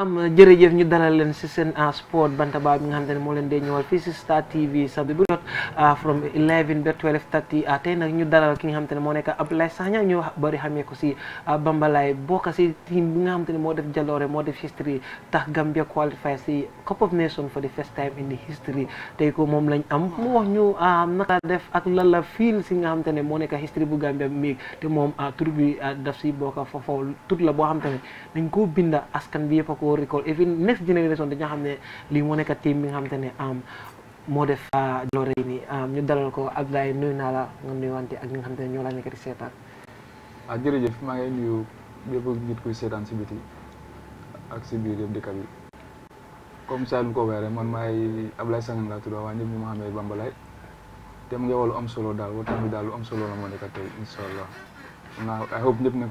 am jërëjëf ñu dalal leen si seen sport bantaba bi nga xam te moo leen dee ñëwal fii si Star TV samedi bu jot ah, from 11 ba 12 30 ah, nag ñu dalal ki nga xam ah, te moo def jaloore moo def history tax Gambia qualify si Cup of Nations for the first time in the history tey ko moom lañ am mu wax ñu naka def ak lan la fiil si nga xam te ne moo nekk history bu Gambia miig te moom tur bi daf si bokk foofu tur boo xam te ne dañ binda askan bi ko recall even next generation dañu xam ne lii moo nekk team bi nga xamante ne am um, moo def uh, jaloore yi nii um, ñu dalal ko Abdoulaye nuyu naa la nga nuyuwante ak ñi nga xamante ne ñoo laa nekk di seetaan ah jërëjëf maa ngi nuyu bépp nit kuy seetaan si biti ak si biir yëpp dëkk bi comme Saalum ko waxee rek man maay Abdoulaye Sangang laa tudd waaye ñëpp ñu xamee Bambalay te mu ngi wàllu am solo daal waxtaan bi daal lu am solo la moo nekk tey incha allah I hope ñëpp nañ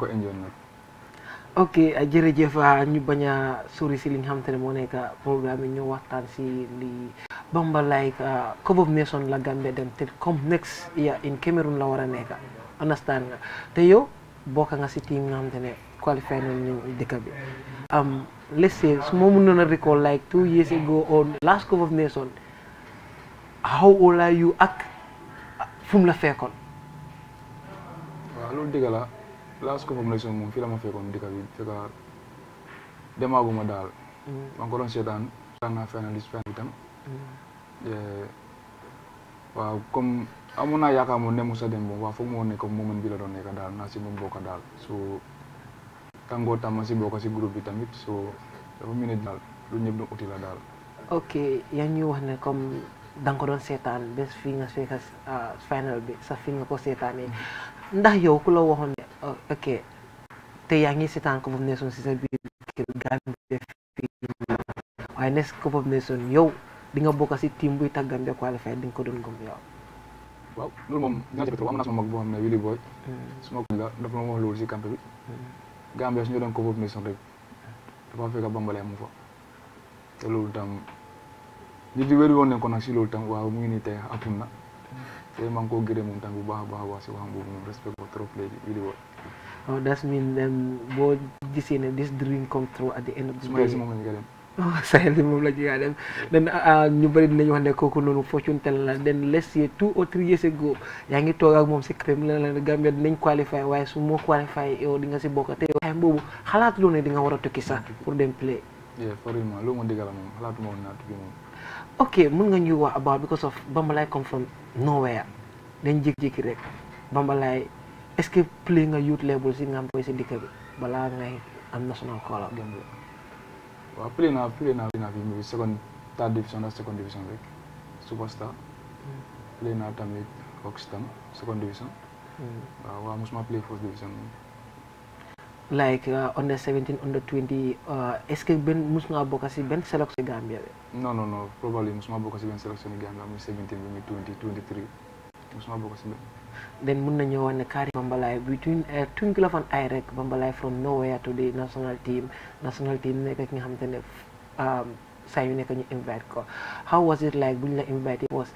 ok ah, jërëjëf ah, ñu bañ a sori si li nga xamante ne moo nekk ah, programme yi ñu waxtaan si li Bamba like Cup of Nations la Gambia dem te comme next year in Cameroon la war a nekk understand nga te yow bokk nga si team nga xamante ne nañu dëkk bi am um, let's su ma mënoon a recall like two years ago on last Cup of Nations how old you ak fu la fekkoon. last cup of nation moom fii la ma fekkoon dëkk bi fekk demaaguma daal maa ngi ko doon seetaan seetaan naa finaliste final bi tam waaw comme amoon naa bi la doon nekk daal naa si moom daal so tàngoo tam si bi tamit so dafa mel ne daal lu ñëpp doon uti daal ok yaa ñuy wax ne comme da nga ko doon seetaan bés fii nga fekk ah, final bi sax fii nga ko seetaanee mm. ndax yow ku la waxoon Oh, ok te yaa ngi seetaan Cup of Nations si sa biir kër Gambia fii waaye next Cup of Nations yow di nga bokk si tiim buy tax Gambia qualifier di nga ko doon gëm yow. waaw loolu moom dinaa ci am na sama mag boo xam ne Willy Boy. Hmm. suma ko la dafa ma wax loolu si camp bi. Hmm. Gambia su ñu doon Cup of rek dafa fekk Bambalaya mu fa te loolu tam nit yi wéru woon nañ ko nag si loolu tam waaw mu ngi nii tey apun na. Hmm. te maa ngi koo gërëm moom tamit bu baax a baax a baax si waxam boobu moom respect ko trop léegi really well. oh that's mean boo gisee ne this dream come true at the end of the day. Oh, moom la ah, ah, ñu yaa ngi toog moom si crème la la Gambia dinañ qualify waaye su moo qualify yow di si bokk te yow. boobu xalaat loo ne war a tukki sax pour dem play. yeah for real ma lu ma ma woon naa tukki moom. ok mun nga ñu wax about because of Bambalay come from nowhere dañ jékki-jékki rek Bambalay est-ce que play nga youth label si nga am koy si dikk bi balaa ngay am national call out. waaw play naa play naa play naa second third division ak second division rek superstar. Hmm. play naa tamit Oxtam second division. Hmm. waaw waaw play first division like uh, under 17 under 20 uh, est benn mus ngaa si benn sélection Gambia bi. non non non probablement musuma bokk si benn sélection Gambia muy 17 bi muy 20 23 musuma bokk si benn. then mun nañu wax ne carrément Bambalaaye between uh, Tunkilaf and I rek Bambalaaye from nowhere to the national team national team nekk ki nga xamante ne um, saa yu nekk ñu invite ko how was it like buñ la invite was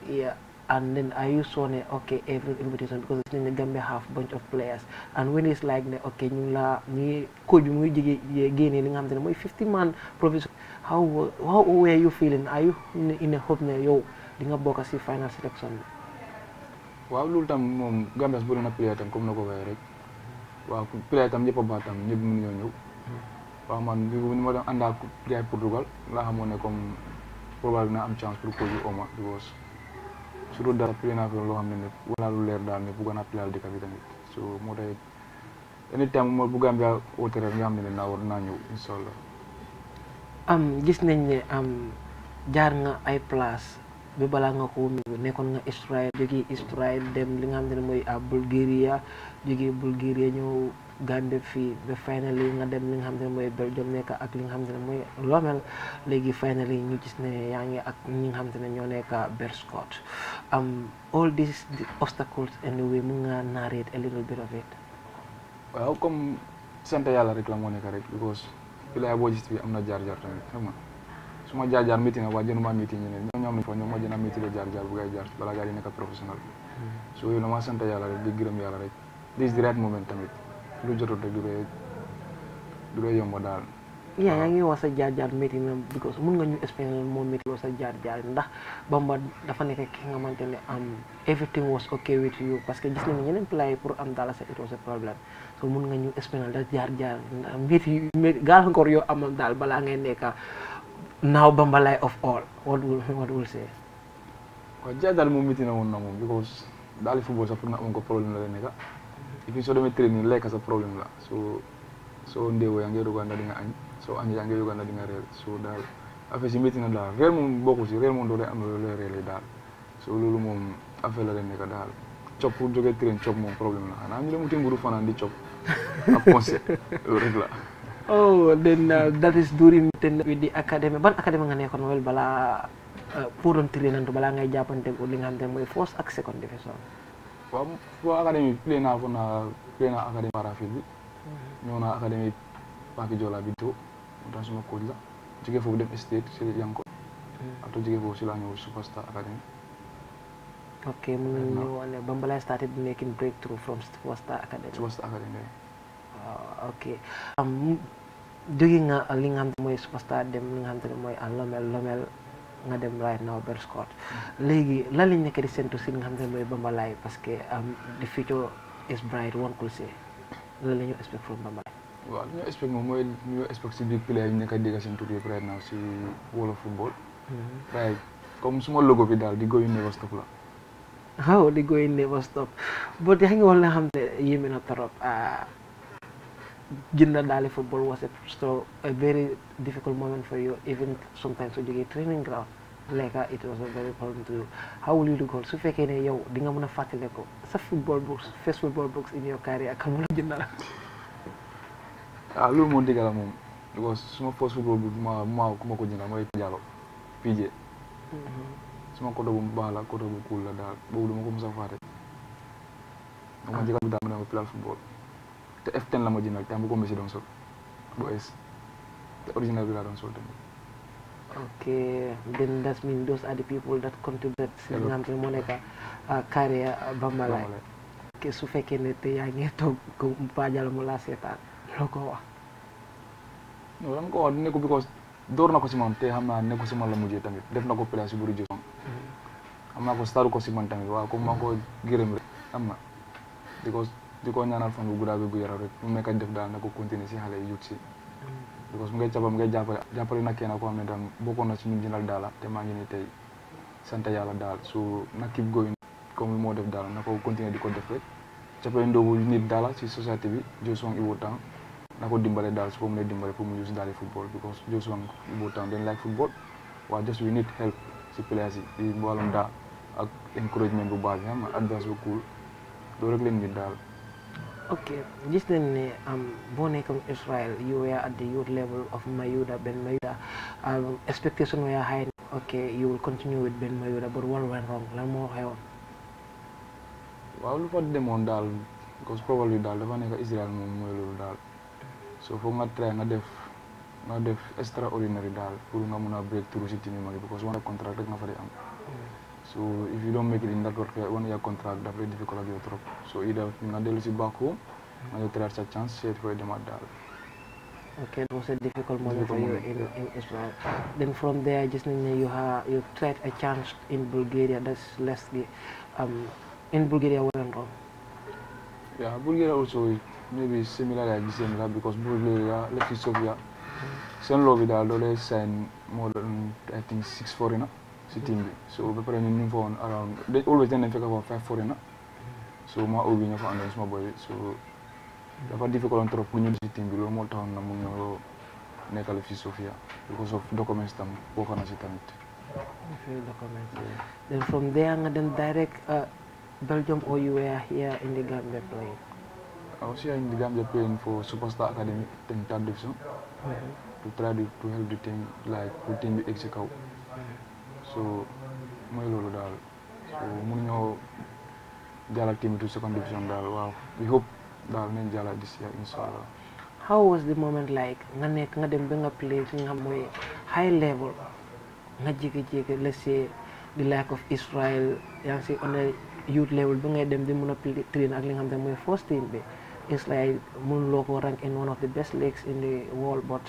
and then I used to say, okay, every invitation because it's in the Gambia have bunch of players. And when it's like, okay, you la, you coach, you gain in Hamden, my 50 man provision. How how were you feeling? Are you in a hope now? Yo, di nga bokk si final selection bi. waaw loolu tam moom bu bëri na player tam comme na ko waxee rek waaw player tam ñëpp a baax tam ñëpp mënu ñëw. waaw man bi ni ma doon ànd ak gars yi Portugal laa xamoon ne comme probable na am chance su dul dara naa fi loo xam ne ne wala lu leer daal ne bëggoon naa pilaal dëkk bi tamit so moo tax anytime ma bu Gambia woote rek nga xam ne naa war naa ñëw nañ ne am jaar nga ay place bi balaa nga ko nekkoon nga Israël jógee dem li nga xam mooy Bulgaria jógee Bulgaria ñëw Gambie fii ba finally nga dem li nga xam ne mooy Belgium nekk ak li nga xam ne mooy Rommel léegi finally ñu gis ne yaa ngi ak ñi nga ne ñoo nekk Beerschot am all these obstacles in the way mun nga narrate a little bit of waaw comme sant yàlla rek la moo nekk rek because wilaaya boo gis bi am na jaar-jaar tamit xam nga su ma jaar-jaar métti na waa jënuma métti ñeneen ñoom ñoom lañ fa ñoom moo gën a métti la jaar-jaar bu ngay jaar balaa gaa di nekk professionnel hmm. sant yàlla rek di rek this the tamit lu jotul rek du koy du daal. yaa ngi wax sa jaar jaar métti na because mun nga ñu moo métti sa jaar jaar ndax Bamba dafa nekk ki nga xamante ne am um, everything was okay parce que gis nañu yeneen pour am dala sa a problème so mun nga ñu expliquer da jaar jaar métti métti gàllankoor yoo amal daal balaa ngay nekka naaw Bamba lay of all what will what will say. waaw jaar moom métti na woon na moom because daal football sax pour nga am ko problème la nekka et soo demee training lekk sa problème la soo soo a yaa ngi Uganda di nga añ soo añ yaa ngi Uganda reer soo daal affaire si métti na daal reer moom bokku si reer moom doo leen am loolu reer daal so loolu moom affaire la leen nekk daal cop pour jógee train cop moom problème la xanaa ñu dem uti fanaan di cop ak conseil loolu rek la oh then uh, that is during ten with academy ban academy nga nekkoon wel balaa uh, pour doon balaa ngay jàppante li nga xam te mooy first ak second division waaw waaw académie play naa fo na play naa académie Arafil bi mm-hmm. ñëw naa académie Paki Jola bi to mu tax suma coach la jóge foofu dem state si Yankob après jóge foofu si laa ñëw Superstar Academy ok started making breakthrough from Superstar Academy ah, ok jóge nga li xam te mooy Superstar dem li xam te mooy a Lomel Lomel nga dem right now Berscott léegi lan lañ nekk di séntu si nga xam ne mooy Bambalay parce que um, the future is bright one could say lan la ñu expect from Bambalay. waaw li expect moom mooy ñu expect si biir player yi ñu nekk a dégg seen tur yëpp right now si wolof football. waaye mm-hmm. comme suma logo bi daal di go in never stop la. waaw di go in never stop boo dee xam nga wala xam ne yéeme na trop. Ah, jënda daali football was it so a very difficult moment for you even sometimes su jógee training ground like uh, it was a very problem to you how will you do su fekkee ne yow di nga mën a fàttale ko sa football books first football books in your career ak mu la jëndal ah loolu moom dëgg moom suma first football book ma ma ku ko jëndal mooy jàllo pj mm-hmm. suma koto bu baax la koto bu kuul la daal boobu du ma ko mos a fàtte dama jëkka bi daal te f la ma jëndal temps bu ko Messi doon sol bu es te original bi laa doon sol tamit. ok then that means those are the people that contribute si nga xam ne moo ah, ah, su fekkee ne te yaa ngi toog ko Pajal mu laa seetaan loo ko wax. non dama ne ko because door na ko si moom te xam naa ne ko si man la mujjee tamit def na ko place si buru jësoon xam naa ko staru ko si man tamit waaw comme maa ko gërëm rek am na because di ko ñaanal fan bu guddaa bi gu yaram rek mu mekkay def daal na ko continuer si xale yi yut si parce que mu ngay capab mu ngay jàppale jàppale nag kenn koo xam ne tam bokkoon na si ñu jëndal daala te maa ngi nii tey sant yàlla daal su nakib goy comme moo def daal na ko continuer di ko def rek jàppale ndoobu nit daala si société bi Josong Ibo Town na ko dimbale daal su ko mënee dimbale pour mu use daali football because Josong Ibo Town dañ like football waaye just we need help si players yi di wàllum daal ak encouragement bu baax bi xam advice bu cool loolu rek leen nit daal ok gis nañ ne boo nekkoon Israel you were at the youth level of Mayuda Ben Mayuda um, expectation were high ok you will continue with Ben Mayuda but what went wrong lan moo xewoon waaw lu fa demoon daal because probably daal dafa nekk Israel moom mooy loolu daal so foog nga try nga def nga def extraordinary daal pour nga mun a break through si team yi mag because one contract rek nga fa di am mm. So if you don't make it in that work, uh, one year contract, that's very difficult to drop. So either you can deal with back home, and you try to chance, say for them at that. a difficult from there, you tried a chance in Bulgaria. That's less um, in Bulgaria went wrong. Yeah, Bulgaria also maybe similar like similar because Bulgaria left Sofia. Mm-hmm. Saint Lovida, Lole, sign more I think six foreigner. si team bi so ba pare ñun ñu ngi fa woon around dañ always dañ leen fekk foofu five foreigner so maa ubbi ñoo fa àndoon suma boy so dafa difficult trop pour ñun si team bi loolu moo taxoon na mu ñoo nekkal fii Sofia because of documents tam bokk na si tamit. few documents. Then from there nga dem direct uh, Belgium or you were here in the Gambia playing? I was here in the Gambia playing for Superstar Academy in third mm-hmm. division. To try to, help the team like put team execute. so mooy loolu daal so mënuñoo jàll team bi to second division daal waaw we hope daal nañ jàll this year incha allah. how was the moment like nga nekk nga dem ba nga play fi nga xam mooy high level nga jékki-jékki let's say the lack of Israel yaa si on youth level ba ngay dem di mën a train ak li nga xam first team bi it's like mun loo ko rank in one of the best leagues in the world but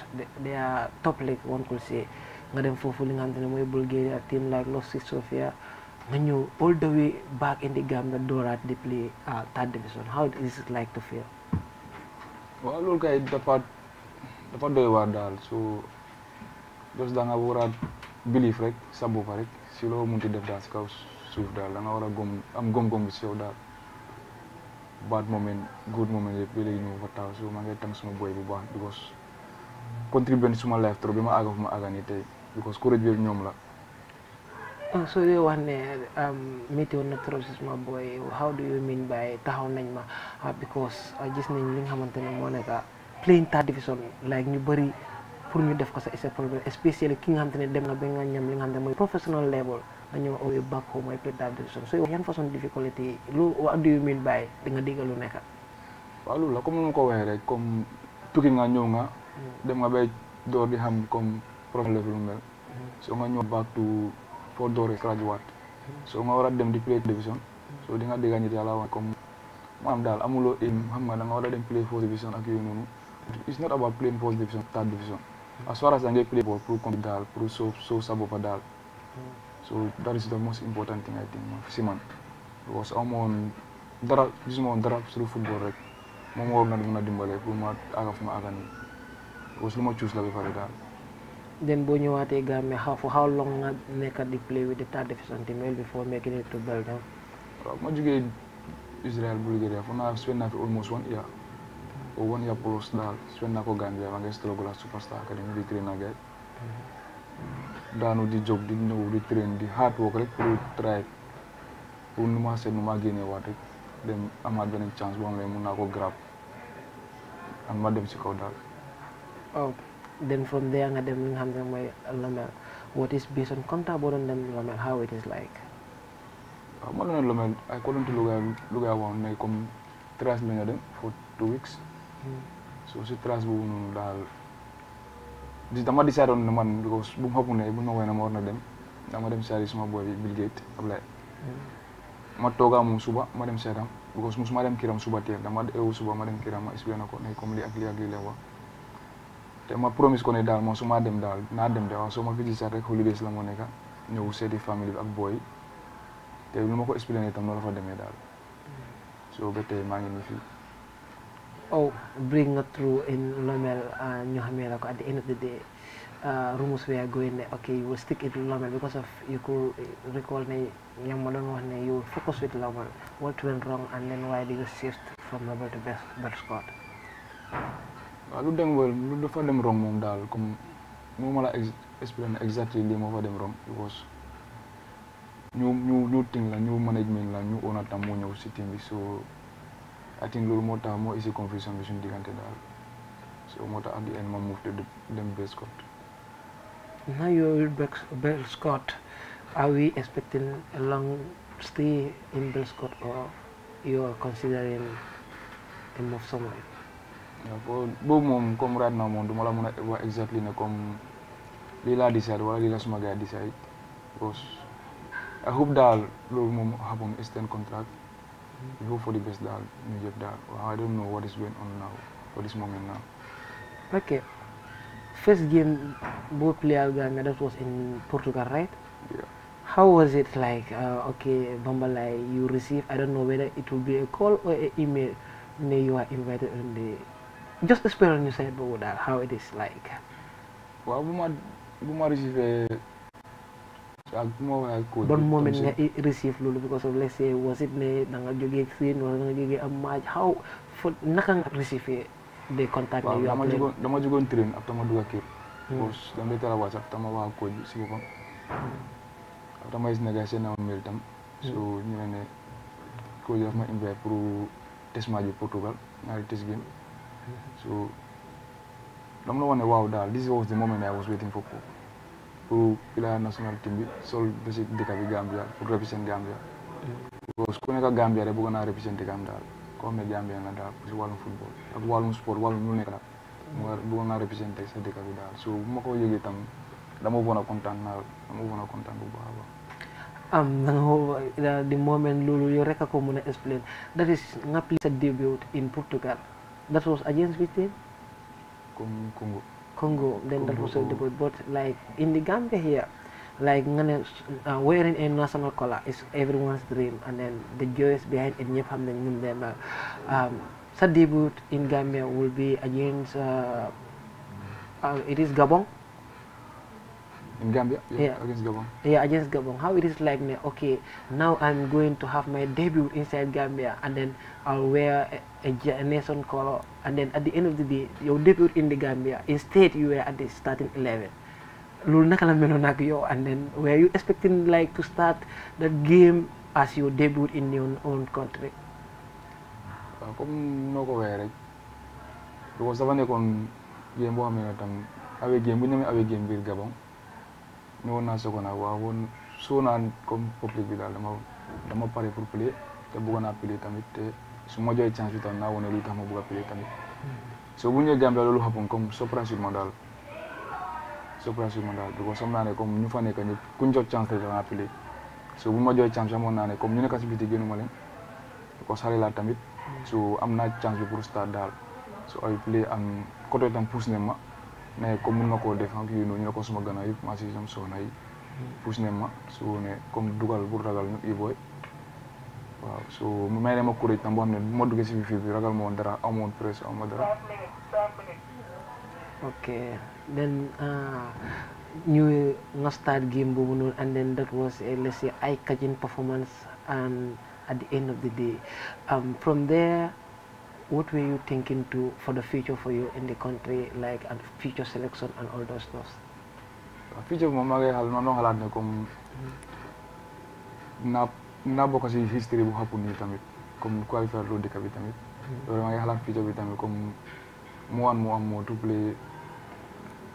they are top league one could say nga dem foofu li nga xamante mooy Bulgaria ak team like Loftus Sofia nga ñëw all the way back in the Gambia dooraat di play uh, third division how is it like to feel. waaw kay dafa dafa doy waar daal so jos da nga war a rek sa bopp rek si loo munti def daal si kaw suuf daal da nga war a gom am gom bi si yow daal bad moment good moment yëpp léegi ñu fa taw so ma ngay tànn suma boy bu baax because contribute suma life trop bi ma àgg fu ma àgg nii because courage bi ñoom la. Ah, so dee wax ne um, météo na trop suma boy how do you mean by taxaw nañ ma ah, because ah, gis nañ li nga xamante ne moo nekk playing third division like ñu bëri pour ñu def ko sa c'est problème especially ki nga xamante ne dem na ba nga ñam li nga xamante ne mooy professional level a ñëw away back home mooy play third division so yan façon difficulté lu what do you mean by di nga dégg lu nekk waaw loolu la comme nu ko waxee professional level mel so nga ñëw back to foo dooree graduate so nga war dem di play division so di nga dégg ñi yàlla wax comme maanaam daal amuloo aim xam nga da nga war a dem play fourth division ak yooyu noonu it's not about playing fourth division third division as da ngay play ball pour compte daal pour soo sa boppa daal so that is the most important thing I think si man because amoon dara gisuma woon dara sur football rek moom waroon na mën a dimbale pour ma aga fu ma nii because lu ma choose la ba pare daal then boo ñëwaatee Gambia how for how long nga nekk di play with the third division team well before making it to Belgium. waaw ma jógee Israel Bulgaria foofu naa spend naa fi almost one year or one year plus daal spend naa ko Gambia ma ngi struggle ak Superstar Academy di train ak gars mm-hmm. daanu di jóg di ñëw di train di hard rek pour nu ma seet nu ma génnee waat rek dem amaat beneen chance boo xam mun naa ko grab am ma dem si kaw daal. Oh. then from there nga dem li nga xam ne mooy Lomel what is based on Komta boo doon dem Lomel how it is like. waaw ma doon Lomel ay kolonti Louga Louga woon mais comme trace bi nga dem for two hmm. si trace boobu noonu daal di dama décidé woon ne man because bu ma xamu ne bu ma woowee ma war na dem dama dem seeti suma boy bi Bill Gates Ablaye. Hmm. ma toogaa moom suba ma dem seetam because musuma dem kiram suba teel dama eewu suba ma dem kiram ma expliqué na ne comme lii ak lii ak lii lay wax. te ma promise ko ne daal moom su ma dem daal naa dem de waaw soo ma fi gisaat rek holidays la moo nekka ñëw seeti famille bi ak booy te lu ma ko expliqué itam noonu la fa demee daal soo ba tey maa ngi nii fii oh bring us through in Lomel ah, ñu xamee la ko at the end of the day ah, rumors were going ne ok you will stick it Lomel because of you could recall ne ñoom ma doon wax ne you will focus with Lomel what went wrong and then why you shift from Lomel to Best waaw lu dem wala lu dafa dem wrong moom daal comme moo ma la explain exactly lii moo fa dem wrong because ñu ñu ñu la ñu management la ñu owner tam moo ñëw si team bi so I think loolu moo tax moo isi confusion bi suñu diggante daal so moo tax at the end ma move to dem Bell Scott. now you're with Bell Scott are we expecting a long stay in Bell Scott or you are considering a move somewhere? boo boobu moom comme right now moom du la mën a wax exactly ne comme lii decide wala lii suma gars decide because I hope daal loolu moom happen extend contract we hope for the best daal ñu jëpp daal I don't know what is going on now for this moment now. ok first game both player Gambia that was in Portugal right. how was it like uh, you receive I don't know whether it will be a call or an email ne you are invited on the. just espérer ñu sayt boobu daal how it is like. waaw bu ma receive eh, ak bu moment nga receive loolu because of let's say was it ne da nga jógee siin wala da nga jógee how fo naka nga receive eh, de contact. dama jugoon train ab tama dugg kër. Hmm. parce que dama dee tala whatsapp tama waa koñ si boppam. ab tama gis na gars seen na ma mail tam. so hmm. ñu ne ne koo ma invite pour test match bi Portugal ñaari test game. So dama la wax ne waaw daal this was the moment I was waiting for Coke pour pila national team bi sol basic dëkk bi Gambia pour represent Gambia because ku nekk Gambia rek bëgg naa representer Gambia daal koo xam ne Gambia la daal si wàllum football sa dëkk bi daal so bu ma ko yëgee tam dama woon a kontaan naa dama woon a kontaan bu baax a baax am danga di moment loolu yow rek a ko mën a explain that is nga play sa debut in Portugal that was against which team? Congo. Congo. Then Congo. that was a debate. But like in the Gambia here, like uh, wearing a national color is everyone's dream, and then the joys behind it. Nyep hamden nyum dem. Uh, um, sa debut in Gambia will be against. Uh, uh, it is Gabon. in Gambia? Yeah, yeah, against Gabon. Yeah, against Gabon. How it is like, okay, now I'm going to have my debut inside Gambia, and then I'll wear a, a nation color, and then at the end of the day, your debut in the Gambia, instead you were at the starting 11. Lul naka la meloon ak yow and then were you expecting like to start that game as your debut in your own country? waaw ah, comme noo ko waxee rek because dafa nekkoon game boo xam ne tam away game bu ñu demee away game biir Gabon ne woon naa second half waaw woon soo naa comme public bi daal dama dama pare pour play te bëggoon naa play tamit su ma joxee chance bi tamit naa wane lu tax ma bëgg a play tamit so bu ñëwee Gambia loolu happen comme surprise bi ma daal ma daal because xam naa ne comme ñu fa nekk ñëpp kuñ jot chance rek ma joxee chance xamoon naa ne comme ñu nekk si biti génnuma leen because tamit so am naa chance bi pour start daal so ay play am côté tam pousse ne ma mais comme mun na koo def ak yooyu noonu ñu ne ko suma gannaaw yëpp maa si sam soxna yi pousse ne ma ne comme dugal bu ragal ñu iboy waaw so ma courage tam ne ma duggee si fii bi ragal ma woon dara amoon pression amoon dara ok then ah, ñu nga start game boobu noonu and then that was a eh, let's say eye catching performance at the end of the day um, from there what were you thinking to for the future for you in the country like and future selection and all those stuff future moom maa ngi xal maa ngi xalaat ne comme mm-hmm. naa naa bokk history bu xapu nii comme qualifier loo dëkk bi tamit mm-hmm. loolu maa ngi xalaat future bi tamit comme mu am mu am moo tout play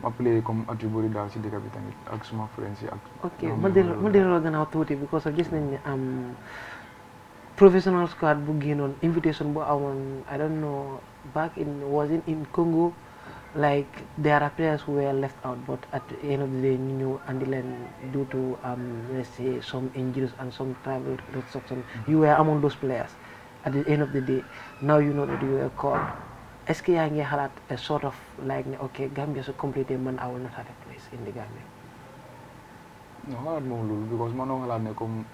ma play comme at yu bëri daal si dëkk bi tamit ak suma friends yi ak ok ma delloo gannaaw tuuti because of gis nañ ne um, professional squad bu génnoon invitation bu amoon I don't know back in was in in Congo like there are players who were left out but at the end of the day ñu ñëw andi leen due to um, some injuries and some travel restrictions mm-hmm. you were among those players at the end of the day now you know that you were called est-ce que yaa ngi xalaat a sort of like Gambia su complété man I will not have a place in the Gambia. non xalaat moom loolu because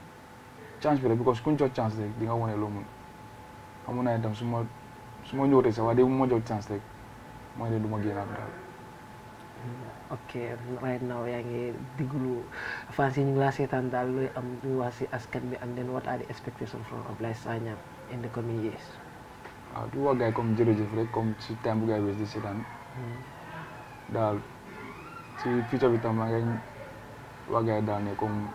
chance bi because kuñ jox chance rek di nga wane loo mun xamu naa itam su ma su ma ñëwatee sax waaye de mu ma jox chance rek mooy ne du ma génnaat daal. ok right now yaa ngi diglu fans yi ñu ngi laa seetaan daal looy am luy wax si askan bi and then what are the expectations from Ablaye Sagnam in the coming years. waaw du wax gars yi comme jërëjëf rek comme si time bu gars yi di hmm. daal si future bi tam maa ngi daal ne comme.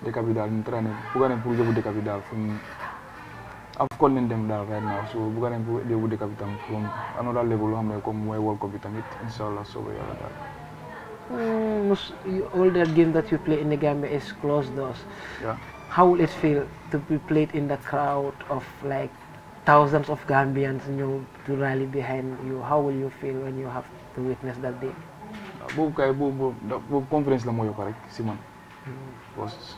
decapi dal min trane buganen pour jogu decapi dal from afcon nen dem dal right now so buganen pour jogu decapi tam from another level loo xam ne comme mooy world cup bi tamit inshallah soobee yàlla daal hmm, most all that game that you play in the Gambia is closed doors. Yeah. How will it feel to be played in the crowd of like thousands of Gambians you know, to rally behind you? How will you feel when you have to witness that day? boobu kay boobu boobu confidence la moo yokk rek si man because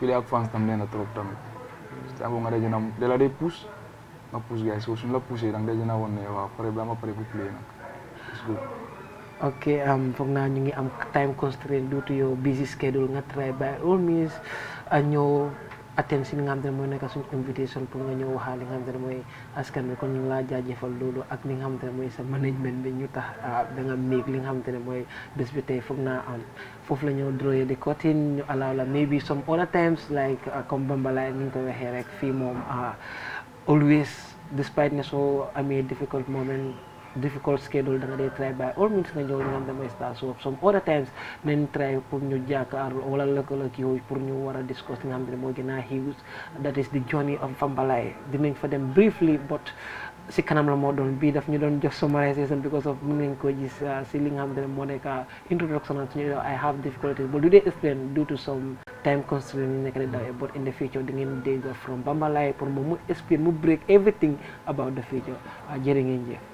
pili ak fans tam leen a trop tamit c'est nga day gën a de la day pousse nga pousse gars yi so suñu la poussé da nga day gën a woon ne pare ba ma pare bu pili nag c'est good. ok foog naa ñu ngi am time constraint due to your busy schedule nga try by all means ñëw. atteindre si li nga xam te ne mooy nekk suñu invitation pour nga ñëw waxaa li nga xam te ne mooy askan bi kon ñu laa jaajëfal loolu ak li nga xam ne mooy sa management bi ñu tax ah, da nga méeg li nga xam te ne mooy bés bi tey foog naa am foofu la ñoo droye di kotin ñu allow la maybe some other times like ah, comme bambalaay ni ñu ko waxee rek fii moom ah, always despite ne soo amee difficult moment difficult schedule da nga dee try by all means nga ñëw ñu am damay start so some other times nañ try pour ñu jàkkaarloo wala lëkkaloo ak yow pour ñu war a discuss li nga xam ne moo gën a huge that is the journey of Fambalay dinañ fa dem briefly but si kanam la moo doon bii daf ñu doon jox summarization because of mun nañ ko gis uh, si li nga xam ne moo nekk uh, introduction ak suñu I have difficulties but du dee explain due to some time constraint ñu nekk di dawee but in the uh, ngeen dégg